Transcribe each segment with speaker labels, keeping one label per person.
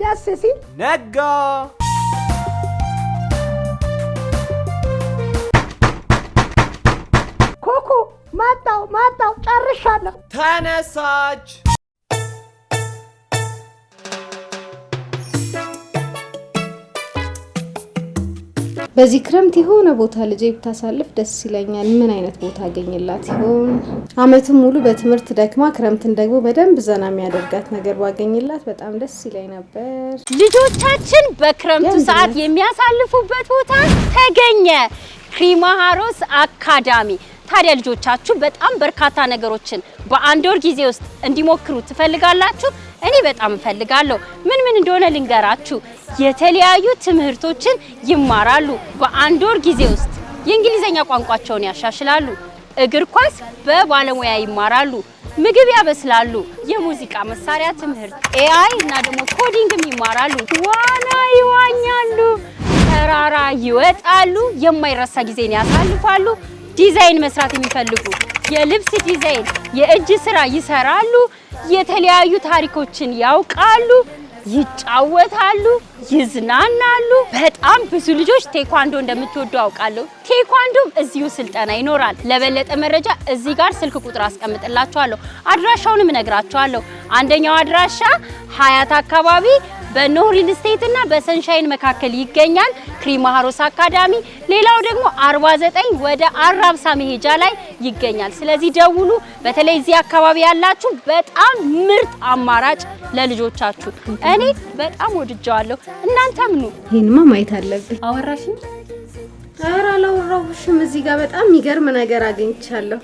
Speaker 1: ደስ ሲል ነጋ። ኮኮ ማጣው ማጣው፣ ጨርሻለሁ።
Speaker 2: ተነሳች።
Speaker 1: በዚህ ክረምት የሆነ ቦታ ልጄ ብታሳልፍ ደስ ይለኛል። ምን አይነት ቦታ አገኝላት ይሆን? አመቱን ሙሉ በትምህርት ደክማ ክረምትን ደግሞ በደንብ ዘና የሚያደርጋት ነገር ባገኝላት በጣም ደስ ይለኝ ነበር። ልጆቻችን በክረምቱ ሰዓት የሚያሳልፉበት ቦታ ተገኘ፣ ክሪማሃሮስ አካዳሚ። ታዲያ ልጆቻችሁ በጣም በርካታ ነገሮችን በአንድ ወር ጊዜ ውስጥ እንዲሞክሩ ትፈልጋላችሁ? እኔ በጣም እፈልጋለሁ። ምን ምን እንደሆነ ልንገራችሁ። የተለያዩ ትምህርቶችን ይማራሉ። በአንድ ወር ጊዜ ውስጥ የእንግሊዘኛ ቋንቋቸውን ያሻሽላሉ። እግር ኳስ በባለሙያ ይማራሉ። ምግብ ያበስላሉ። የሙዚቃ መሳሪያ ትምህርት፣ ኤአይ እና ደግሞ ኮዲንግም ይማራሉ። ዋና ይዋኛሉ። ተራራ ይወጣሉ። የማይረሳ ጊዜን ያሳልፋሉ። ዲዛይን መስራት የሚፈልጉ የልብስ ዲዛይን፣ የእጅ ስራ ይሰራሉ። የተለያዩ ታሪኮችን ያውቃሉ። ይጫወታሉ፣ ይዝናናሉ። በጣም ብዙ ልጆች ቴኳንዶ እንደምትወዱ አውቃለሁ። ቴኳንዶም እዚሁ ስልጠና ይኖራል። ለበለጠ መረጃ እዚህ ጋር ስልክ ቁጥር አስቀምጥላችኋለሁ፣ አድራሻውንም እነግራችኋለሁ። አንደኛው አድራሻ ሀያት አካባቢ በኖሪን ስቴት እና በሰንሻይን መካከል ይገኛል። ክሪማ ሀሮስ አካዳሚ። ሌላው ደግሞ 49 ወደ አራብሳ መሄጃ ላይ ይገኛል። ስለዚህ ደውሉ። በተለይ እዚህ አካባቢ ያላችሁ በጣም ምርጥ አማራጭ ለልጆቻችሁ። እኔ በጣም ወድጀዋለሁ። እናንተም ኑ። ይሄንማ ማየት አለብን። አወራሽኝ? ኧረ አላወራሁሽም። እዚህ ጋር በጣም የሚገርም ነገር አግኝቻለሁ።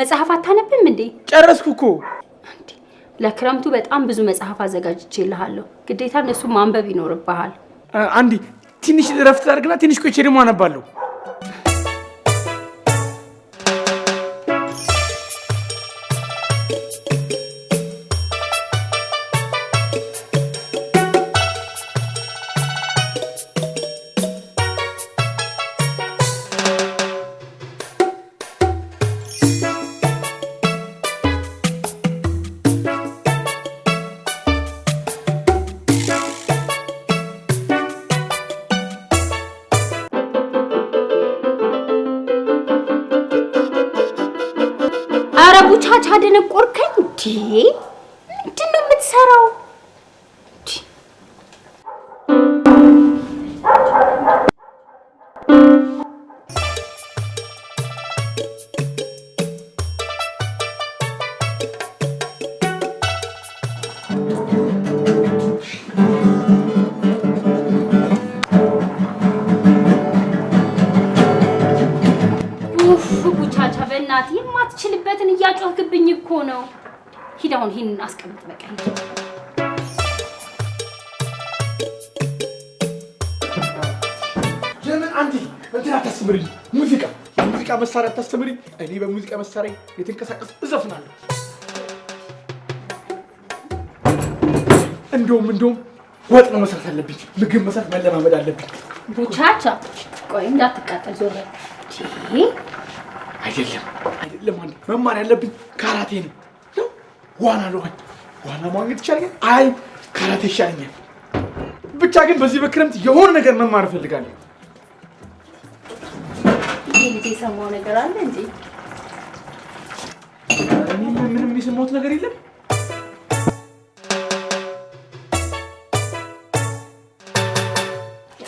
Speaker 1: መጽሐፍ አታነብም እንዴ? ጨረስኩ እኮ። ለክረምቱ በጣም ብዙ መጽሐፍ አዘጋጅቼልሃለሁ። ግዴታ እነሱ ማንበብ ይኖርብሃል።
Speaker 2: አንዲ ትንሽ እረፍት አድርግና ትንሽ ቆይቼ ደግሞ አነባለሁ።
Speaker 1: ታች አደነቆርከኝ እንዴ? ምንድን ነው የምትሰራው? የማትችልበትን እያጮህክብኝ እኮ ነው። ሂድ አሁን ይህንን አስቀምጥ በቃ።
Speaker 2: ለምን አንዴ እንትን አታስተምሪኝ? ሙዚቃ የሙዚቃ መሳሪያ አታስተምሪኝ? እኔ በሙዚቃ መሳሪያ የተንቀሳቀስ እዘፍናለሁ። እንደውም እንደውም ወጥ ነው መስራት አለብኝ። ምግብ መስራት መለማመድ አለብኝ።
Speaker 1: ቻቻ ቆይ እንዳትቃጠል ዞረ
Speaker 2: አይደለም አይደለም፣ አንዴ መማር ያለብኝ ካራቴ ነው። ዋና ነው ዋና ማግኘት ይቻለኛል። አይ ካራቴ ይሻለኛል። ብቻ ግን በዚህ በክረምት የሆነ ነገር መማር እፈልጋለሁ።
Speaker 1: ልጅ የሰማው ነገር አለ እንዴ?
Speaker 2: ምንም የሰማሁት ነገር የለም።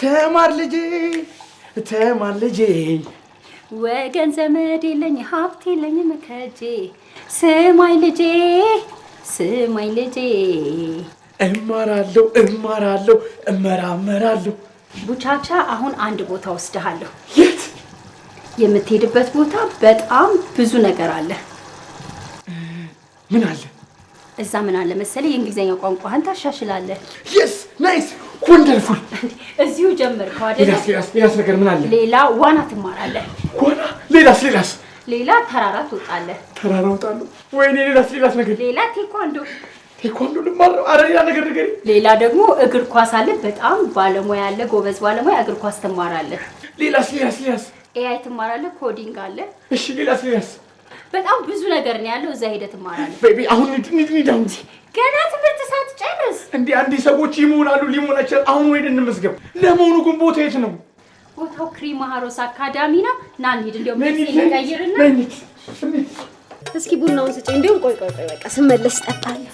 Speaker 2: ተማር ልጄ፣ ተማር ልጄ
Speaker 1: ወገን ዘመድ የለኝ ሀብት የለኝም መከጄ ስማይ ልጄ ስማይ ልጄ
Speaker 2: እማራለሁ እማራለሁ እመራመራለሁ።
Speaker 1: ቡቻቻ አሁን አንድ ቦታ ወስደሃለሁ። የት የምትሄድበት ቦታ በጣም ብዙ ነገር አለ። ምን አለ እዛ? ምን አለ መሰለ የእንግሊዝኛ ቋንቋህን ታሻሽላለህ።
Speaker 2: የስ ናይስ ወንደርፉል
Speaker 1: እዚሁ ጀመርከው
Speaker 2: አይደል? ሌላስ ነገር ምን አለ?
Speaker 1: ሌላ ዋና ትማራለህ።
Speaker 2: ዋና ሌላስ ሌላስ
Speaker 1: ሌላ ተራራ ትወጣለህ።
Speaker 2: ተራራ እወጣለሁ። ወይኔ ሌላስ ሌላስ ነገር
Speaker 1: ሌላ ቴኳንዶ
Speaker 2: ቴኳንዶ ልማር። አረ ሌላ ነገር ነገር
Speaker 1: ሌላ ደግሞ እግር ኳስ አለ። በጣም ባለሙያ አለ፣ ጎበዝ ባለሙያ እግር ኳስ ትማራለህ።
Speaker 2: ሌላስ ሌላስ ሌላስ
Speaker 1: ኤአይ ትማራለህ። ኮዲንግ አለ።
Speaker 2: እሺ ሌላስ ሌላስ
Speaker 1: በጣም ብዙ ነገር ነው ያለው። እዛ ሂደት እማራለሁ።
Speaker 2: ቤቢ አሁን ንድ ንድ ንድ እንጂ
Speaker 1: ገና ትምህርት ሳትጨርስ
Speaker 2: እንዴ አንዴ ሰዎች ይሞላሉ ሊሞላቸው አሁን ወይ እንመስገብ። ለመሆኑ ግን ቦታ የት ነው?
Speaker 1: ቦታው ክሪም ክሪማሃሮስ አካዳሚ ነው። ና እንሂድ። እንደውም ይቀይርና እስኪ ቡናውን ስጪ። እንደውም ቆይ ቆይ ቆይ፣ በቃ ስመለስ እጠጣለሁ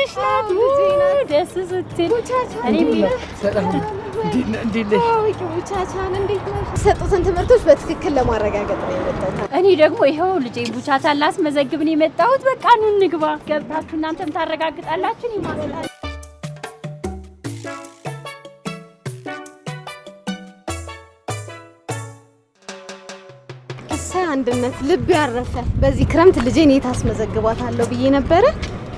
Speaker 1: ልጅሽ ናት። ደስ ስትል ሰጡትን ትምህርቶች በትክክል ለማረጋገጥ ነው የመጣሁት። እኔ ደግሞ ይኸው ልጄ ቡቻቻን ላስመዘግብ ነው የመጣሁት። በቃ ኑ እንግባ። ገብታችሁ እናንተም ታረጋግጣላችሁ አንድነት ልብ ያረፈ በዚህ ክረምት ልጄን የት አስመዘግባታለሁ ብዬ ነበረ።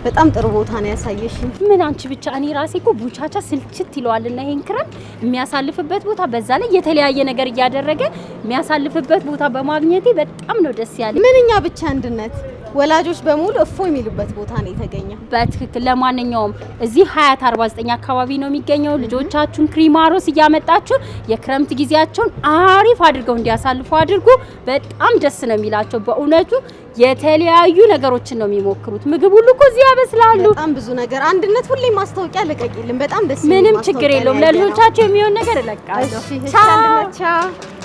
Speaker 1: በጣም ጥሩ ቦታ ነው ያሳየሽኝ። ምን አንቺ ብቻ እኔ ራሴ እኮ ቡቻቻ ስልችት ይለዋልና ይሄን ክረም የሚያሳልፍበት ቦታ በዛ ላይ የተለያየ ነገር እያደረገ የሚያሳልፍበት ቦታ በማግኘቴ በጣም ነው ደስ ያለኝ። ምንኛ ብቻ አንድነት ወላጆች በሙሉ እፎ የሚሉበት ቦታ ነው የተገኘው። በትክክል ለማንኛውም እዚህ ሀያት 49 አካባቢ ነው የሚገኘው። ልጆቻችሁን ክሪማሮስ እያመጣችሁ የክረምት ጊዜያቸውን አሪፍ አድርገው እንዲያሳልፉ አድርጉ። በጣም ደስ ነው የሚላቸው በእውነቱ የተለያዩ ነገሮችን ነው የሚሞክሩት። ምግብ ሁሉ እኮ እዚህ ያበስላሉ። በጣም ብዙ ነገር አንድነት ሁሌ ማስታወቂያ ልቀቂልን። በጣም ደስ ምንም ችግር የለውም። ለልጆቻቸው የሚሆን ነገር እለቃለሁ። ቻው